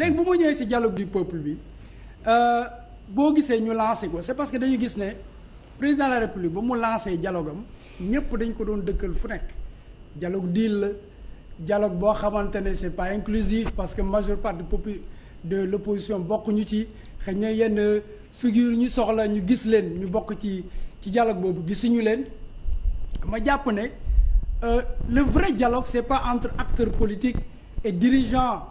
léegi bu ma ñëwee si dialogue du peuple bi euh, boo gisee ñu lancé ko c'est parce que dañu gis ne président de la république ba mu lancé dialogue am ñëpp dañ ko doon dëkkal fu nekk dialogue deal la dialogue boo xamante ne c'est pas inclusif parce que majeure partie de l'opposition bokkuñu ci xëy na yenn figure ñu soxla ñu gis leen ñu bokk ci ci dialogue boobu gis gisuñu leen ma jàpp ne euh, le vrai dialogue c'est pas entre acteur politique et dirigeants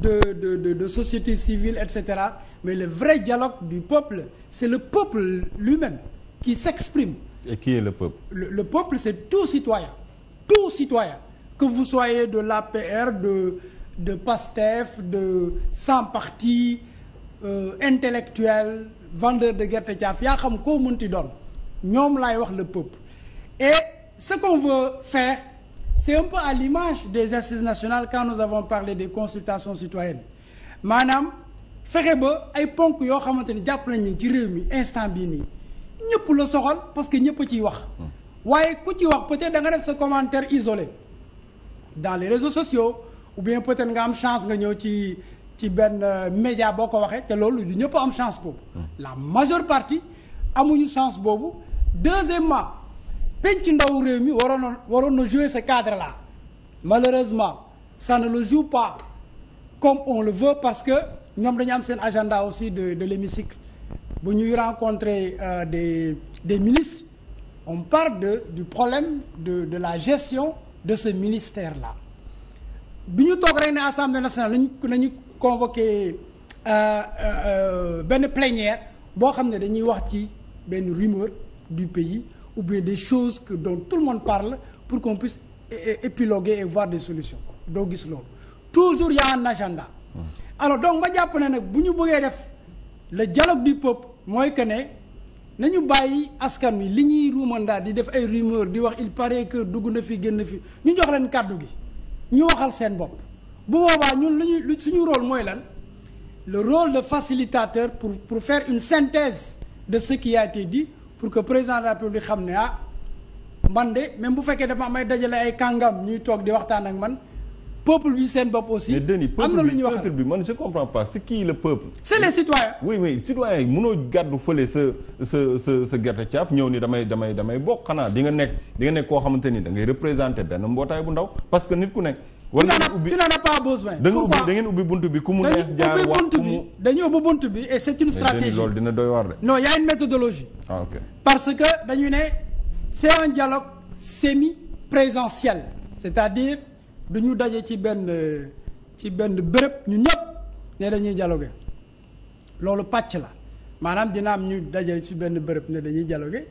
de de de de société civile et cetera mais le vrai dialogue du peuple c'est le peuple lui-même qui s'exprime. et qui est le peuple. le, le peuple c'est tout citoyen tout citoyen que vous soyez de l'APR de de PASTEF de sans parti euh, intellectuel vendeur de gerte caaf yaa xam koo mënti doon ñoom laay wax le peuple et ce qu'on veut faire. c'est un peu à l'image des assises nationales quand nous avons parlé des consultations citoyennes maanaam fexe ba ay ponk yoo xamante ni jàpp nañ ni ci réew mi instant bii nii ñëpp la soxal parce que ñëpp a ciy wax waaye ku ci wax peut-être da nga def sa commentaire isolé dans les réseaux sociaux ou bien peut-être nga am chance nga ñëw ci ci benn euh, média boo ko waxee te loolu du ñëpp am chance boobu hmm. la majeure partie amuñu chance boobu deuxièmement ci ndaw réew mi waroon na waroon na jouer ce cadre là malheureusement ça ne le joue pas comme on le veut parce que ñoom dañu am seen agenda aussi de de l'hémicycle bu ñuy rencontrer euh, des des ministres on parle de du problème de de la gestion de ce ministère la bi ñu toog rek ne assemblée nationale nañu nañu convoqué euh, euh, euh, benn plénière boo xam ne dañuy wax ci benn rumeur du pays ou bien des choses que dont tout le monde parle pour qu'on puisse épiloguer et voir des solution doo gis loolu toujours y nagenda un hmm. donc ma jàpp na nag bu ñu bëggee def la dialogue du peuple mooy que ne nañu bàyyi askan wi li ñuy ruumandaa di def ay rumeur di wax il paraît que dugg na fi génn fi ñu jox leen kàddu gi ñu waxal seen bopp bu boobaa ñun lu ñu suñu rôle mooy lan le rôle de facilitateur pour pour faire une synthèse de ce qui pour que président de xam ne ah man de même bu fekkee dafa am ay dajale ay kàngam ñuy toog di waxtaan ak man peuple bi seen bopp aussi. am na lu ñuy wax mais bi man je comprends pas c'est qui le peuple. c'est les citoyens. oui oui citoyens yi mënoo gàddu fële sa sa sa sa gerte caaf ñëw ni damay damay damay bokk xanaa di nga nekk di nga nekk koo xamante ni da ngay représenter benn mbootaay bu ndaw parce que nit ku nekk. war nañu ubbi tu n'en as besoin. da nga ubbi da ngeen ubbi bunt bi ku mu neex jaar wax ku mu dañu ubbi buntu bi et c'est une stratégie loolu dina doy waar de. non y a une méthodologie. ah ok parce que dañu ne c'est un dialogue semi présentiel c'est-à-dire du ñu daje ci benn ci benn bërëb ñu ñëpp ne dañuy dialoguer loolu pàcc la maanaam dina am ñu daje ci benn bërëb ne dañuy dialoguer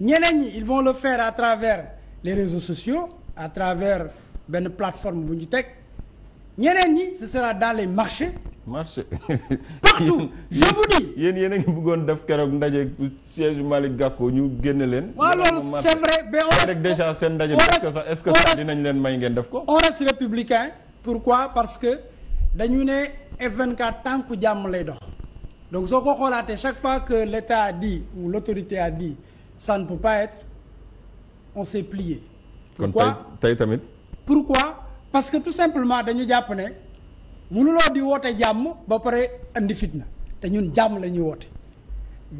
ñeneen ñi ils vont le faire à travers les réseaux sociaux à travers. benn plateforme bu ñu teg ñeneen ñi ce sera dans les marchés. marché partout je vous dis. yéen yéen a bëggoon def keroog ndaje siège Malick Gakou ñu génne leen. waaw loolu c' est vrai mais on reste déjà seen ndaje. est ce que sax dinañ leen may ngeen def ko. on reste républicain. pourquoi parce que dañu ne F24 tànku jàmm lay dox. donc soo ko xoolaatee chaque fois que l' état a dit ou l' autorité a dit ça ne peut on s' est pourquoi tey tamit. pourquoi parce que tout simplement dañu jàpp ne mënuloo di woote jàmm ba pare andi fitna te ñun jàmm la ñuy woote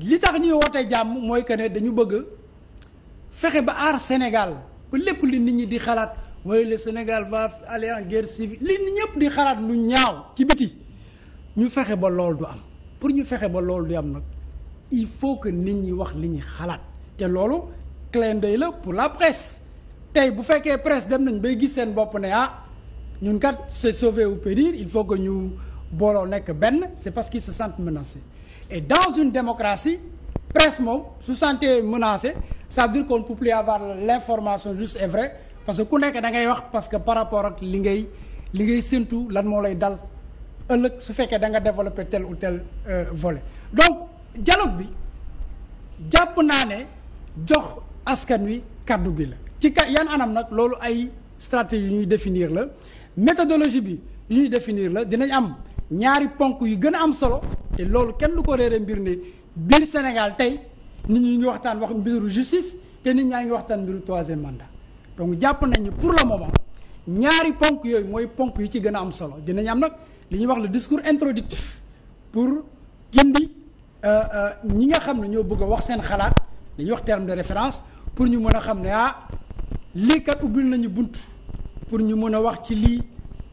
li tax ñuy woote jàmm mooy que ne dañu bëgg fexe ba aar Sénégal ba lépp li nit ñi di xalaat mooy Sénégal va aller en guerre civile li nit ñëpp di xalaat lu ñaaw ci biti ñu fexe ba loolu du am pour ñu fexe ba loolu du am nag il faut que nit ñi wax li ñuy xalaat te loolu clin day la pour la presse tey bu fekkee presse dem nañ bay gis seen bopp ne ah ñun kat c'est sauver ou périr il faut que ñu booloo nekk benn c'est parce que sa sant menacés et dans une démocratie presse moom su sentir menacé ça veut dire qu'on ne peut plus l'information juste et vraie parce que ku nekk da ngay wax parce que par rapport ak li ngay li ngay séntu lan moo lay dal ëllëg su fekkee da nga développer tel ou tel euh, volet donc jaloog bi jàpp naa ne jox askan wi kàddu gi la ci ka yan anam nag loolu ay stratégie ñuy définir la méthodologie bi ñuy définir la dinañ am ñaari ponk yu gën a am solo te loolu kenn du ko réere mbir ne biir Sénégal tey nit ñu ngi waxtaan wax mbiru justice te nit ñaa ngi waxtaan mbiru troisième mandat donc jàpp nañu pour le moment ñaari ponk yooyu mooy ponk yu ci gën a am solo dinañ am nag li ñuy wax le discours introductif pour gindi euh, euh, ñi nga xam ne ñoo bëgg a wax seen xalaat li ñuy wax terme de référence pour ñu mën a xam ne ah lii kat ubbil nañu bunt pour ñu mën a wax ci lii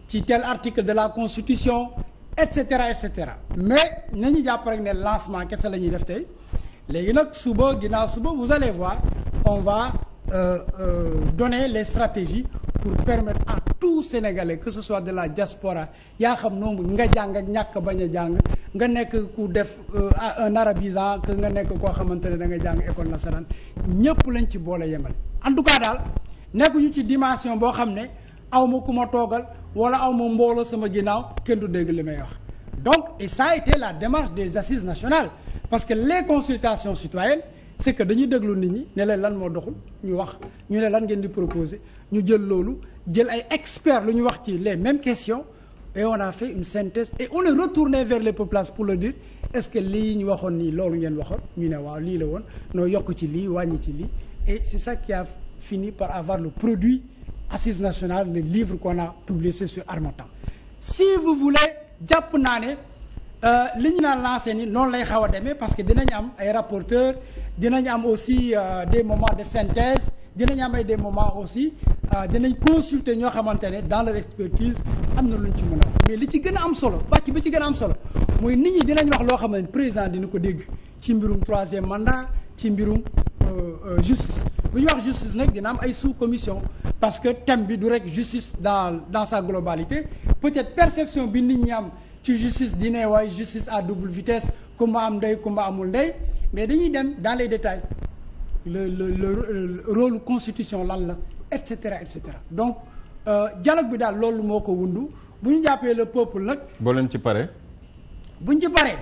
ci tel article de la constitution et cetera cetera mais nañu jàpp rek ne lancement kese la ñuy def tey léegi nag suba ginaa suba vous allez voir on va euh, euh, donner les stratégies pour permettre à tout Sénégalais que ce soit de la diaspora yaa xam noonu nga jàng ak ñàkk bañ jàng nga nekk ku def euh, nara arabisant que nga nekk koo xamante ne da nga jàng école nasaraan ñëpp lañ ci boole yemal en daal. nekkuñu ci dimension boo xam ne awma ku ma toogal wala aw ma mbooloo sama ginnaaw kenn du dégg li may wax donc et ça a la démarche des assises nationales parce que les consultations citoyennes c'est que dañuy déglu nit ñi ne leen lan moo doxul ñu wax ñu ne lan ngeen di proposé ñu jël loolu jël ay experts lu ñu wax ci les mêmes questions et on a fait une synthèse et on est retourné vers les populations pour leur dire est-ce que lii ñu waxoon nii loolu ngeen waxoon ñu ne waaw lii la woon noo yokk ci lii wàññi ci lii et c'est finit par avoir le produit assise nationales le livre qu'on a publié sur Harmattan si vous voulez jàpp naa ne euh, li ñu naan lancé ni noonu lay xaw a demee parce que dinañ am ay rapporteurs dinañ am aussi euh, des moments de synthèse dinañ am ay des moments aussi euh, dinañ consulter ñoo xamante ne dans leur expertise am na lu ñu ci mën a mais li ci gën a am solo pàcc bi ci gën a am solo mooy nit ñi dinañ wax loo xam ne président dina ko dégg ci mbirum troisième mandat ci mbirum justice bu ñu wax justice nag dina am ay sous commission parce que thème bi du rek justice dans dans sa globalité peut-être perception bi nit ñi am ci justice dina waaye justice à double vitesse kumba am ndey kumba amul ndey mais dañuy dem dans les détails le le le rôle constitution lan la et cetera et cetera donc euh, dialogue bi daal loolu moo ko wundu bu ñu jàppee le peuple nag. boo leen ci pare buñ ci pare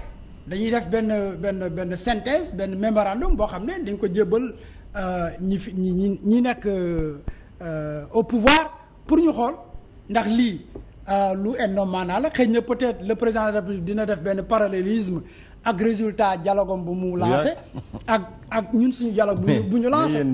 dañuy def benn benn benn synthèse benn mémorandum boo xam ne dañ ko jébbal. Euh, ñi fi ñi ñi nekk euh, au pouvoir pour ñu xool ndax lii euh, lu ennoom maanaa la xëy na peut-être le président de la République dina def benn parallélisme ak résultat dialogue bu mu lancé ak ak ñun suñu dialogue bu ñu lancé